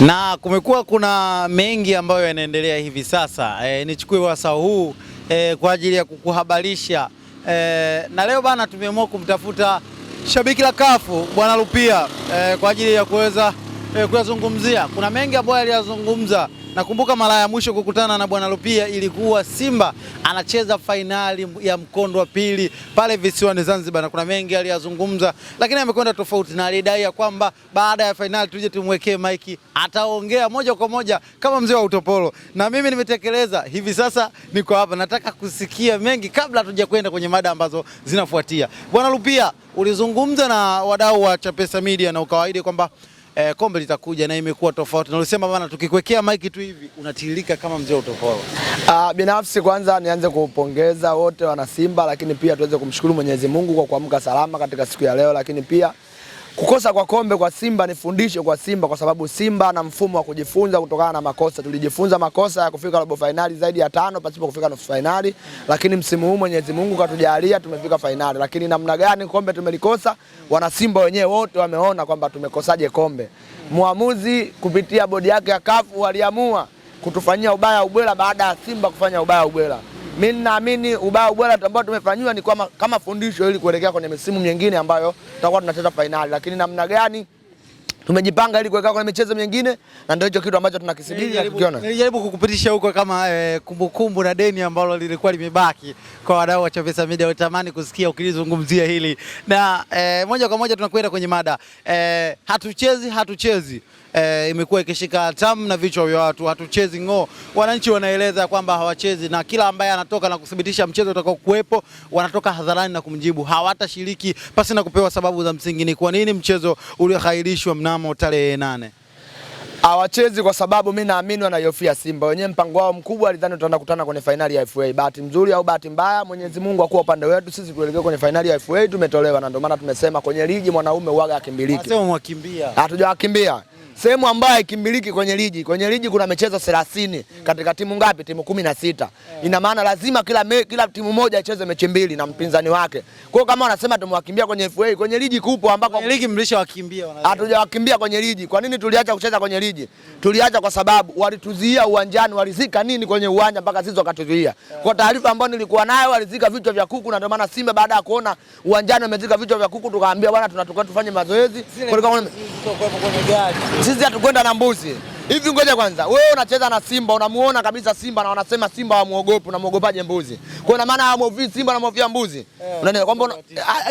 Na kumekuwa kuna mengi ambayo yanaendelea hivi sasa. E, nichukue wasaa huu e, kwa ajili ya kukuhabarisha e, na leo bana tumeamua kumtafuta shabiki la kafu bwana lupia e, kwa ajili ya kuweza e, kuyazungumzia. Kuna mengi ambayo aliyazungumza Nakumbuka mara ya mwisho kukutana na bwana lupia ilikuwa Simba anacheza fainali ya mkondo wa pili pale visiwani Zanzibar, na kuna mengi aliyazungumza, lakini amekwenda tofauti na alidai ya kwamba baada ya fainali tuje tumwekee maiki, ataongea moja kwa moja kama mzee wa utopolo, na mimi nimetekeleza. Hivi sasa niko hapa, nataka kusikia mengi kabla hatujakwenda kwenda kwenye mada ambazo zinafuatia. Bwana Rupia, ulizungumza na wadau wa Chapesa Media na ukawaidi kwamba eh, kombe litakuja na imekuwa tofauti. Na ulisema bana, tukikwekea maiki tu hivi unatiririka kama mzee utofauti. Uh, binafsi kwanza nianze kuupongeza wote wana Simba, lakini pia tuweze kumshukuru Mwenyezi Mungu kwa kuamka salama katika siku ya leo, lakini pia Kukosa kwa kombe kwa Simba ni fundisho kwa Simba, kwa sababu Simba na mfumo wa kujifunza kutokana na makosa. Tulijifunza makosa ya kufika robo fainali zaidi ya tano pasipo kufika nusu fainali, lakini msimu huu Mwenyezi Mungu katujalia tumefika fainali. Lakini namna gani kombe tumelikosa, wana Simba wenyewe wote wameona kwamba tumekosaje kombe. Mwamuzi kupitia bodi yake ya kafu waliamua kutufanyia ubaya ubwela baada ya Simba kufanya ubaya ubwela. Mimi ninaamini ubao bora ambao tumefanyiwa ni kama, kama fundisho ili kuelekea kwenye misimu mingine ambayo tutakuwa tunacheza fainali, lakini namna gani tumejipanga ili kuelekea kwenye michezo mingine, na ndio hicho kitu ambacho tunakisubiri. Nilijaribu kukupitisha huko kama e, kumbukumbu na deni ambalo lilikuwa limebaki kwa wadau wa Chapesa Media, utamani kusikia ukilizungumzia hili na e, moja kwa moja tunakwenda kwenye mada e, hatuchezi hatuchezi eh, imekuwa ikishika tamu na vichwa vya watu, hatuchezi ng'oo. Wananchi wanaeleza kwamba hawachezi, na kila ambaye anatoka na kuthibitisha mchezo utakao kuwepo wanatoka hadharani na kumjibu hawatashiriki pasi na kupewa sababu za msingi. Ni kwa nini mchezo uliohairishwa mnamo tarehe nane hawachezi kwa sababu mimi naamini wanaihofia Simba wenyewe. Mpango wao mkubwa alidhani tutaenda kukutana kwenye fainali ya FA. Bahati nzuri au bahati mbaya, Mwenyezi Mungu akuwa upande wetu sisi kuelekea kwenye fainali ya FA, tumetolewa na ndio maana tumesema kwenye ligi mwanaume uaga akimbiriki. Hatujawakimbia sehemu ambayo ikimiliki kwenye ligi. Kwenye ligi kuna michezo 30 katika timu ngapi? Timu kumi na sita. Eh. Ina maana lazima kila, me, kila timu moja icheze mechi mbili na mpinzani wake. Kwa hiyo kama wanasema tumewakimbia kwenye FA, kwenye ligi kupo ambako kwenye ligi mlishawakimbia wanasema. Hatujawakimbia kwenye ligi. Kwa nini tuliacha kucheza kwenye ligi? Tuliacha kwa sababu walituzuia uwanjani, walizika nini kwenye uwanja mpaka sisi wakatuzuia. Eh. Kwa taarifa ambayo nilikuwa nayo walizika vichwa vya kuku na ndio maana Simba baada ya kuona uwanjani wamezika vichwa vya kuku tukaambia bwana tunatoka tufanye mazoezi. kwa kwenye gari. Sisi hatukwenda na mbuzi. Hivi ngoja kwanza, wewe unacheza na Simba, unamuona kabisa Simba na wanasema Simba hawamwogopi, unamwogopaje mbuzi? Kwa na maana hawamwogopi Simba na mwofia mbuzi. Eh, Unaelewa kwamba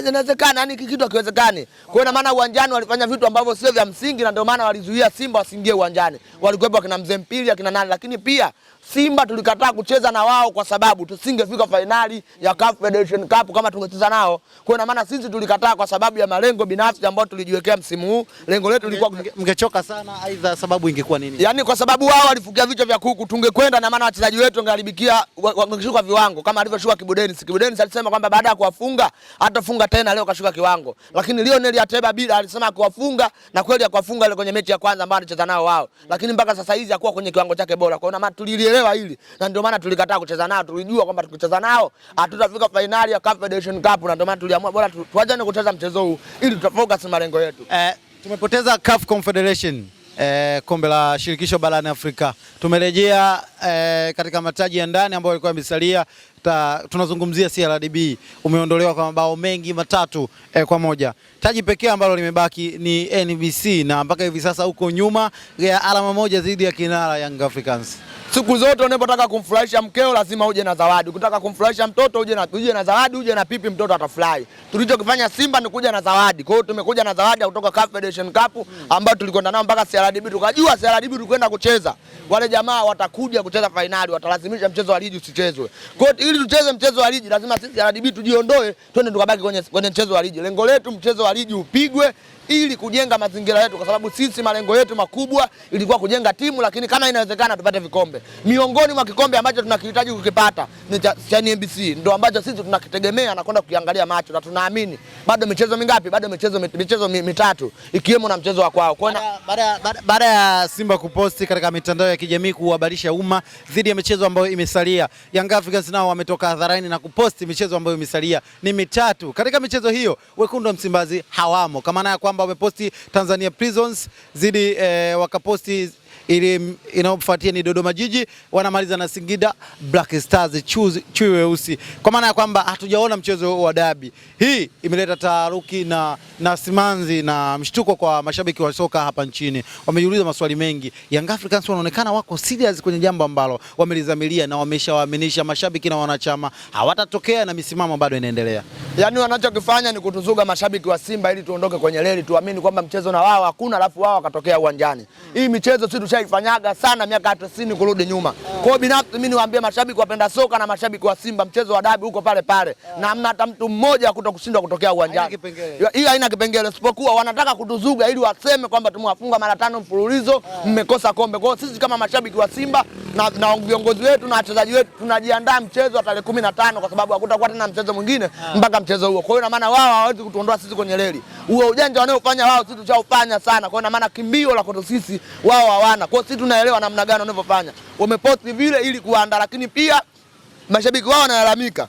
inawezekana, ah, yani kitu hakiwezekani. Kwa na maana uwanjani walifanya vitu ambavyo sio vya msingi na ndio maana walizuia Simba wasiingie uwanjani. Walikuwepo akina Mzee Mpili, akina nani, lakini pia Simba tulikataa kucheza na wao kwa sababu tusingefika fainali ya CAF Federation Cup kama tungecheza nao. Kwa hiyo maana sisi tulikataa kwa sababu ya malengo binafsi ambayo tulijiwekea msimu huu. Lengo letu lilikuwa mngechoka sana, aidha sababu ingekuwa nini? Yaani kwa sababu wao walifukia vichwa vya kuku, tungekwenda na maana wachezaji wetu wangeharibikia, wangeshuka viwango kama alivyoshuka Kibudeni. Kibudeni alisema kwamba baada ya kuwafunga atafunga tena, leo kashuka kiwango. Lakini Lionel Ateba bila alisema kuwafunga na kweli akawafunga ile kwenye mechi ya kwanza ambayo alicheza nao wao. Lakini mpaka sasa hizi hakuwa kwenye kiwango chake bora. Kwa hiyo maana tulilie tunalielewa hili na ndio maana tulikataa kucheza nao. Tulijua kwamba tukicheza nao hatutafika fainali ya CAF Federation Cup, na ndio maana tuliamua bora tuachane kucheza mchezo huu ili tutafocus malengo yetu. Eh, tumepoteza CAF Confederation eh, kombe la shirikisho barani Afrika. Tumerejea eh, katika mataji ya ndani ambayo yalikuwa yamesalia. Tunazungumzia CRDB umeondolewa kwa mabao mengi matatu eh, kwa moja. Taji pekee ambalo limebaki ni NBC na mpaka hivi sasa uko nyuma ya alama moja dhidi ya kinara Young Africans. Siku zote unapotaka kumfurahisha mkeo lazima uje na zawadi. Ukitaka kumfurahisha mtoto uje na uje na zawadi, uje na pipi, mtoto atafurahi. Tulichokifanya Simba ni kuja na zawadi. Kwa hiyo tumekuja na zawadi kutoka CAF Federation Cup ambayo tulikwenda nao mpaka CRDB, tukajua CRDB tukwenda kucheza. Wale jamaa watakuja kucheza fainali, watalazimisha mchezo wa ligi usichezwe. Kwa hiyo ili tucheze mchezo wa ligi lazima sisi CRDB tujiondoe, twende tukabaki kwenye kwenye mchezo wa ligi. Lengo letu mchezo wa ligi upigwe ili kujenga mazingira yetu, kwa sababu sisi malengo yetu makubwa ilikuwa kujenga timu, lakini kama inawezekana tupate vikombe. Miongoni mwa kikombe ambacho tunakihitaji kukipata ni cha NBC, ndio ambacho sisi tunakitegemea na kwenda kukiangalia macho, na tunaamini bado michezo mingapi? Bado michezo michezo mitatu, ikiwemo na mchezo wa kwao. Kwa Baada ya Simba kuposti katika mitandao ya kijamii kuhabarisha umma dhidi ya michezo ambayo imesalia, Young Africans nao wametoka hadharani na kuposti michezo ambayo imesalia ni mitatu. Katika michezo hiyo wekundu wa Msimbazi hawamo, kwa maana ya kwamba wameposti Tanzania Prisons zidi eh, wakaposti ili inayofuatia ni Dodoma Jiji wanamaliza na Singida Black Stars chui weusi, kwa maana ya kwamba hatujaona mchezo wa dabi. Hii imeleta taharuki na, na simanzi na mshtuko kwa mashabiki wa soka hapa nchini. Wamejiuliza maswali mengi. Young Africans wanaonekana wako serious kwenye jambo ambalo wamelizamilia na wameshawaaminisha mashabiki na wanachama hawatatokea, na misimamo bado inaendelea. Yaani wanachokifanya ni kutuzuga mashabiki wa Simba ili tuondoke kwenye reli, tuamini kwamba mchezo na wao hakuna, alafu wao wakatokea uwanjani. Hii michezo si tushaifanyaga sana miaka ya 90 kurudi nyuma. Kwa hiyo binafsi mimi niwaambie mashabiki wapenda soka na mashabiki wa Simba, mchezo wa dabi huko pale pale, na hamna hata mtu mmoja kuto kushindwa kutokea uwanjani. Hii haina kipengele, isipokuwa wanataka kutuzuga ili waseme kwamba tumewafunga mara tano mfululizo, mmekosa kombe. Kwa hiyo sisi kama mashabiki wa Simba na na viongozi wetu na wachezaji wetu tunajiandaa mchezo wa tarehe kumi na tano kwa sababu hakutakuwa tena mchezo mwingine mpaka mchezo huo. Kwa hiyo na maana wao hawawezi kutuondoa sisi kwenye reli, huo ujanja wanaofanya wao sisi tushaufanya sana. Kwa hiyo na maana kimbio la kwetu sisi wao hawana sana. Kwa hiyo sisi tunaelewa namna gani wanavyofanya, wameposti vile ili kuanda, lakini pia mashabiki wao wanalalamika,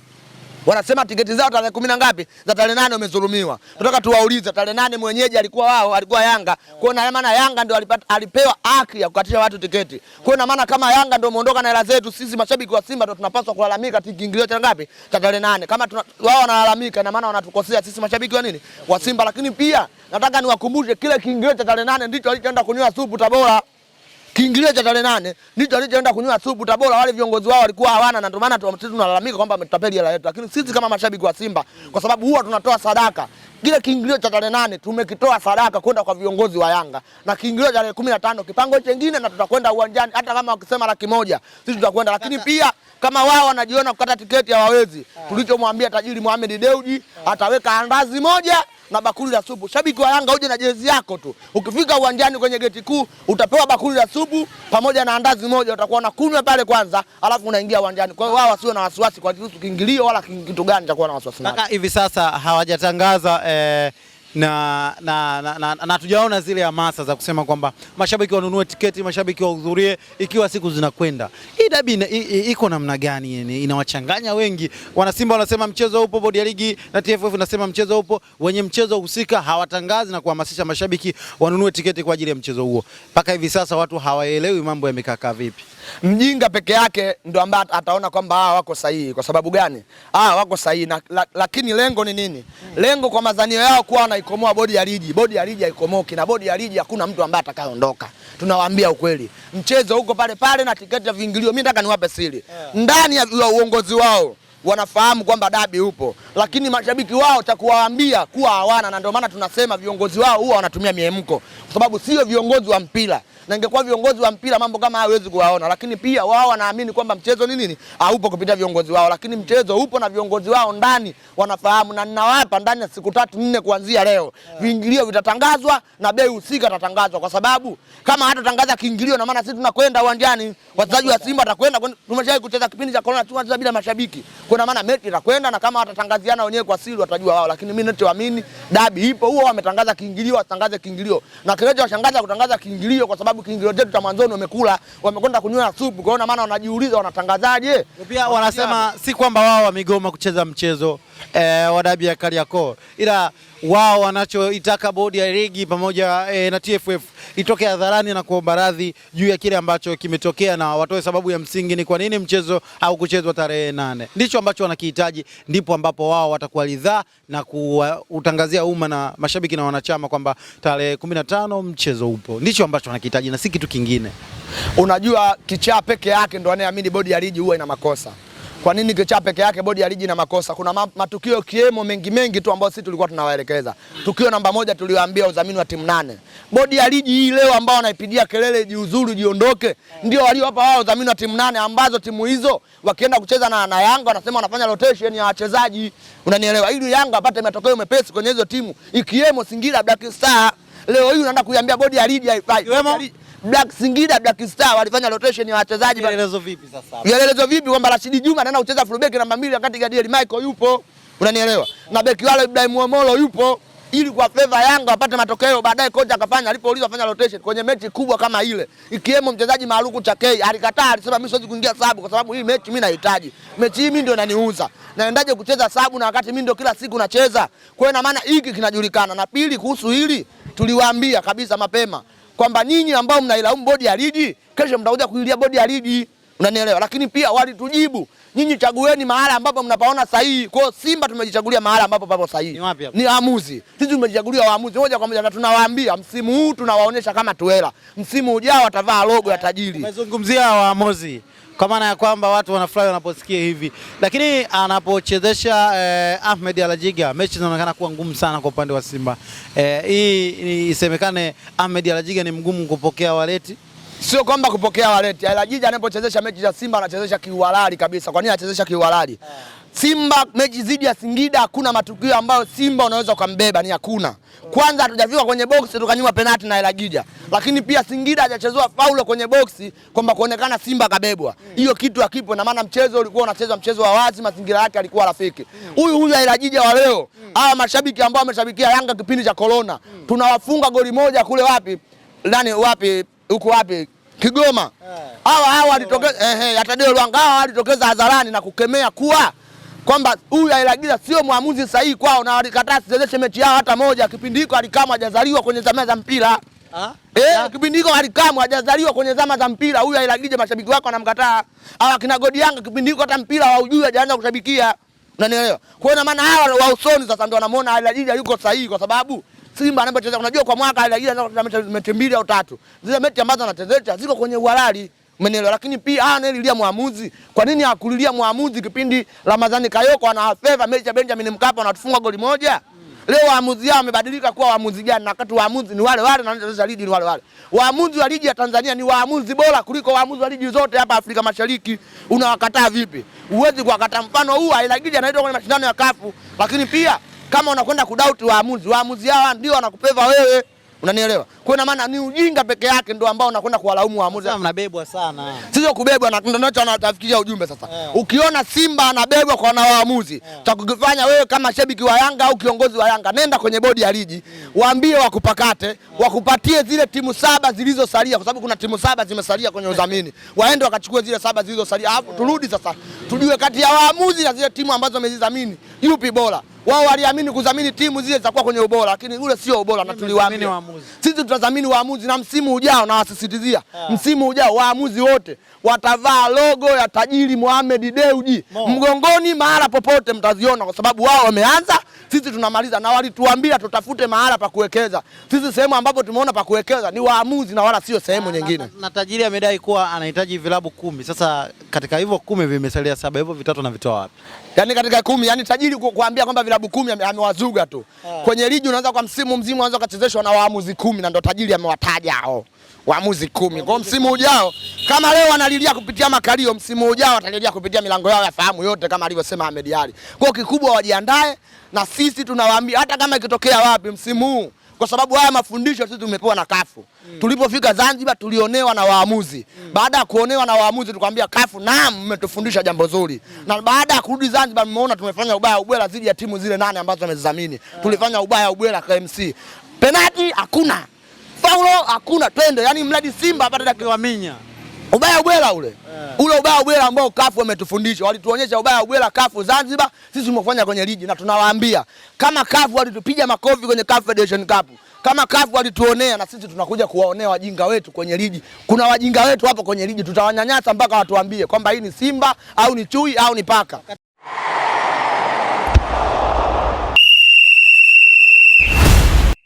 wanasema tiketi zao tarehe kumi na ngapi za tarehe nane wamezulumiwa. Tunataka tuwaulize, tarehe nane mwenyeji alikuwa wao, alikuwa Yanga. Kwa hiyo na maana Yanga ndio alipewa haki ya kukatisha watu tiketi. Kwa hiyo na maana kama Yanga ndio muondoka na hela zetu, sisi mashabiki wa Simba ndio tunapaswa kulalamika tiketi kiingilio cha ngapi cha tarehe nane. Kama wao wanalalamika, na maana wanatukosea sisi mashabiki wa nini wa Simba. Lakini pia nataka niwakumbushe kile kiingilio cha tarehe nane ndicho alichoenda kunywa supu Tabora kiingilio cha tarehe nane ndicho alichoenda kunywa supu Tabora. Wale viongozi wao walikuwa hawana, na ndio maana sisi tunalalamika kwamba ametutapeli hela yetu, lakini sisi kama mashabiki wa Simba, kwa sababu huwa tunatoa sadaka kile kiingilio cha tarehe nane tumekitoa sadaka kwenda kwa viongozi wa Yanga, na kiingilio cha tarehe kumi na tano kipango chengine, na tutakwenda uwanjani. Hata kama wakisema laki moja sisi tutakwenda, lakini pia kama wao wanajiona kukata tiketi hawawezi, ah. tulichomwambia tajiri Mohamed Deuji ataweka andazi moja na bakuli la supu. Shabiki wa Yanga uje na jezi yako tu, ukifika uwanjani kwenye geti kuu utapewa bakuli la supu pamoja na andazi moja, utakuwa unakunywa pale kwanza, alafu unaingia uwanjani. Kwa hiyo wao wasiwe na wasiwasi kwa kitu kiingilio wala kitu gani, kuwa na wasiwasi nacho. Hivi sasa hawajatangaza eh na na, na, na, na tujaona zile hamasa za kusema kwamba mashabiki wanunue tiketi, mashabiki wahudhurie, ikiwa siku zinakwenda. Hii dabi iko namna gani? Inawachanganya wengi. Wanasimba wanasema mchezo upo, bodi ya ligi na TFF nasema mchezo upo, wenye mchezo husika hawatangazi na kuhamasisha mashabiki wanunue tiketi kwa ajili ya mchezo huo. Mpaka hivi sasa watu hawaelewi mambo yamekaa vipi. Mjinga peke yake ndo ambaye ataona kwamba hawa wako sahihi. Kwa sababu gani? Hawa wako sahihi, lakini lengo ni nini? Hmm. Lengo kwa madhanio yao kuwa na wanaikomoa bodi ya ligi. Bodi ya ligi haikomoki na bodi ya ligi hakuna mtu ambaye atakayeondoka. Tunawaambia ukweli. Mchezo huko pale pale na tiketi ya viingilio. Mimi nataka niwape siri. Yeah. Ndani ya uongozi wao wanafahamu kwamba dabi upo, lakini mashabiki wao takuwaambia kuwa hawana, na ndio maana tunasema viongozi wao huwa wanatumia miemko, kwa sababu sio viongozi wa mpira na ingekuwa viongozi wa mpira mambo kama hayo hawezi kuwaona, lakini pia wao wanaamini kwamba mchezo ni nini, haupo kupitia viongozi wao, lakini mchezo upo na viongozi wao ndani wanafahamu, na ninawapa ndani ya siku tatu nne kuanzia leo yeah. Viingilio vitatangazwa na bei husika itatangazwa, kwa sababu kama hatatangaza kiingilio, na maana sisi tunakwenda uwanjani, wachezaji wa Simba watakwenda. Tumeshawahi kucheza kipindi cha corona, tunacheza bila mashabiki, kuna maana mechi itakwenda, na kama watatangaziana wenyewe kwa siri watajua wao, lakini mimi ninachoamini dabi ipo, huo wametangaza kiingilio, watangaze kiingilio, na kinacho washangaza kutangaza kiingilio kwa sababu sababu kiingilio chetu cha mwanzoni wamekula, wamekwenda kunywa supu. Kwa hiyo maana wanajiuliza wanatangazaje? Pia wanasema si kwamba wao wamegoma kucheza mchezo eh, wa dabi ya Kariakoo, ila wao wanachoitaka bodi ya ligi pamoja eh, na TFF itoke hadharani na kuomba radhi juu ya kile ambacho kimetokea, na watoe sababu ya msingi ni kwa nini mchezo au kuchezwa tarehe nane. Ndicho ambacho wanakihitaji, ndipo ambapo wao watakuwa ridhaa na kuutangazia umma na mashabiki na wanachama kwamba tarehe 15 mchezo upo. Ndicho ambacho wanakihitaji na si kitu kingine. Unajua, kichaa peke yake ndo anayeamini bodi ya ligi huwa ina makosa. Kwa nini Kichaa peke yake bodi ya ligi na makosa? Kuna matukio kiemo mengi mengi tu ambayo sisi tulikuwa tunawaelekeza. Tukio namba moja tuliwaambia udhamini wa timu nane. Bodi ya ligi hii leo ambao wanaipigia kelele jiuzuru, jiondoke, ndio waliowapa wao udhamini wa timu nane ambazo timu hizo wakienda kucheza na, na Yanga wanasema wanafanya rotation ya wachezaji. Unanielewa? Ili Yanga apate matokeo mepesi kwenye hizo timu ikiwemo Singida Black Star. Leo hii unaenda kuiambia bodi ya ligi haifai. Black Singida Black Star walifanya rotation ya wachezaji. Vielelezo vipi sasa? Vielelezo vipi kwamba Rashidi Juma anaenda kucheza fullback namba 2 wakati Gadiel Michael yupo. Unanielewa? Na beki wale Ibrahim Omolo yupo ili kwa favor Yanga apate matokeo. Baadaye kocha akafanya alipoulizwa afanya rotation kwenye mechi kubwa kama ile, ikiwemo mchezaji maarufu cha K, alikataa, alisema mimi siwezi kuingia sabu kwa sababu hii mechi mimi nahitaji mechi hii, mimi ndio inaniuza, naendaje kucheza sabu na wakati mimi ndio kila siku nacheza? Kwa hiyo na maana hiki kinajulikana. Na pili, kuhusu hili tuliwaambia kabisa mapema kwamba nyinyi ambao mnailaumu bodi ya ligi kesho mtakuja kuilia bodi ya ligi, unanielewa? Lakini pia walitujibu nyinyi, chagueni mahala ambapo mnapaona sahihi. Kwa hiyo Simba tumejichagulia mahala ambapo papo sahihi, ni waamuzi. Sisi tumejichagulia waamuzi moja kwa moja, na tunawaambia msimu huu tunawaonyesha kama tuela, msimu ujao watavaa logo ya tajiri. Umezungumzia waamuzi kwa maana ya kwamba watu wanafurahi wanaposikia hivi, lakini anapochezesha eh, Ahmed Alajiga mechi zinaonekana kuwa ngumu sana kwa upande wa Simba. Eh, hii isemekane Ahmed Alajiga ni mgumu kupokea waleti Sio kwamba kupokea waleti. Alajiga anapochezesha mechi za Simba anachezesha kiuhalali kabisa. Kwa nini anachezesha kiuhalali? Ah. Simba mechi dhidi ya Singida, hakuna matukio ambayo Simba unaweza ukambeba, ni hakuna. Kwanza hatujafika kwenye boksi tukanyimwa penalti na Elagija, lakini pia Singida hajachezewa faulo kwenye boksi kwamba kuonekana Simba kabebwa, hiyo mm. kitu hakipo. Na maana mchezo ulikuwa unachezwa mchezo wa wazi, mazingira yake alikuwa rafiki. Huyu mm. huyu Elagija wa leo, mm. hawa mashabiki ambao wameshabikia Yanga kipindi cha corona, tunawafunga goli moja kule wapi, nani wapi, huko wapi Kigoma, eh. hawa hawa walitokeza, ehe, Atadeo Lwanga hawa walitokeza hadharani na kukemea kuwa kwamba huyu Ailagiza sio mwamuzi sahihi kwao, na walikataa sichezeshe mechi yao hata moja. Kipindi hiko Alikamwe hajazaliwa kwenye zama za mpira eh, kipindi hiko Alikamwe hajazaliwa kwenye zama za mpira. Huyu Ailagiza mashabiki wako wanamkataa, au akina Godi Yanga kipindi hiko hata mpira haujui, hajaanza kushabikia, unanielewa? Kwa hiyo na maana hawa wa usoni sasa ndio wanamuona Ailagiza yuko sahihi, kwa sababu Simba anapocheza, unajua kwa mwaka Ailagiza anacheza mechi mbili au tatu, zile mechi ambazo anachezesha ziko kwenye uhalali. Umenielewa? Lakini pia ana analilia mwamuzi. Kwa nini hakulilia mwamuzi kipindi Ramadhani Kayoko ana favor mechi ya Benjamin Mkapa anatufunga goli moja? Leo waamuzi yao wamebadilika kuwa waamuzi gani? Na wakati waamuzi ni wale wale na wanacheza ligi ni wale wale. Waamuzi wa ligi ya Tanzania ni waamuzi bora kuliko waamuzi wa ligi zote hapa Afrika Mashariki. Unawakataa vipi? Huwezi kuwakata. Mfano huu Ailagidi anaitwa kwenye mashindano ya kafu, lakini pia kama unakwenda kudoubt waamuzi, waamuzi hao ndio wanakupeva wewe. Unanielewa? Kwa na maana ni ujinga peke yake ndio ambao unakwenda kuwalaumu waamuzi. Sasa mnabebwa sana. Sio kubebwa na ndio anatafikia ujumbe sasa. Yeah. Ukiona Simba anabebwa kwa na waamuzi, yeah. wewe kama shabiki wa Yanga au kiongozi wa Yanga, nenda kwenye bodi ya ligi, mm. Waambie wakupakate, yeah. Hmm. Wakupatie zile timu saba zilizosalia kwa sababu kuna timu saba zimesalia kwenye udhamini. Waende wakachukue zile saba zilizosalia. Alafu turudi sasa. Tujue kati ya waamuzi na zile timu ambazo wamezidhamini, yupi bora? wao waliamini kudhamini timu zile zitakuwa kwenye ubora, lakini ule sio ubora, na tuliwaamini sisi tutadhamini waamuzi na msimu ujao, na wasisitizia Msimu ujao waamuzi wote watavaa logo ya tajiri Mohamed Dewji mgongoni, mahala popote mtaziona, kwa sababu wao wameanza sisi tunamaliza, na walituambia tutafute mahala pa kuwekeza. Sisi sehemu ambapo tumeona pa kuwekeza ni waamuzi na wala sio sehemu ah, nyingine. Na tajiri amedai kuwa anahitaji vilabu kumi. Sasa katika hivyo kumi vimesalia saba, hivyo vitatu anavitoa wapi? Yani katika kumi, yani tajiri kuambia kwamba vilabu kumi amewazuga tu. Ah. Kwenye ligi unaweza kwa msimu mzima unaanza ukachezeshwa na waamuzi kumi, na ndo tajiri amewataja hao waamuzi kumi. Kwa msimu ujao kama leo wanalilia kupitia makalio, msimu ujao watalilia kupitia milango yao ya fahamu yote, kama alivyosema Ahmed Ally. Kwa kikubwa wajiandae, na sisi tunawaambia hata kama ikitokea wapi msimu huu kwa sababu haya mafundisho sisi tumepewa na kafu mm. Tulipofika Zanzibar tulionewa na waamuzi mm. Baada ya kuonewa na waamuzi tukamwambia kafu, naam, mmetufundisha jambo zuri mm. Na baada ya kurudi Zanzibar mmeona tumefanya ubaya ubwela dhidi ya timu zile nane ambazo wamezidhamini yeah. Tulifanya ubaya ubwela KMC, penati hakuna Paulo hakuna twende, yani mradi Simba apate ubaya ubwela ule yeah. Ule ubaya ubwela ambao kafu wametufundisha, walituonyesha ubaya ubwela kafu Zanzibar, sisi tumefanya kwenye ligi, na tunawaambia kama kafu walitupiga makofi kwenye kafu Federation Cup, kama kafu walituonea, na sisi tunakuja kuwaonea wajinga wetu kwenye ligi. Kuna wajinga wetu hapo kwenye ligi, tutawanyanyasa mpaka watuambie kwamba hii ni Simba au ni chui au ni paka.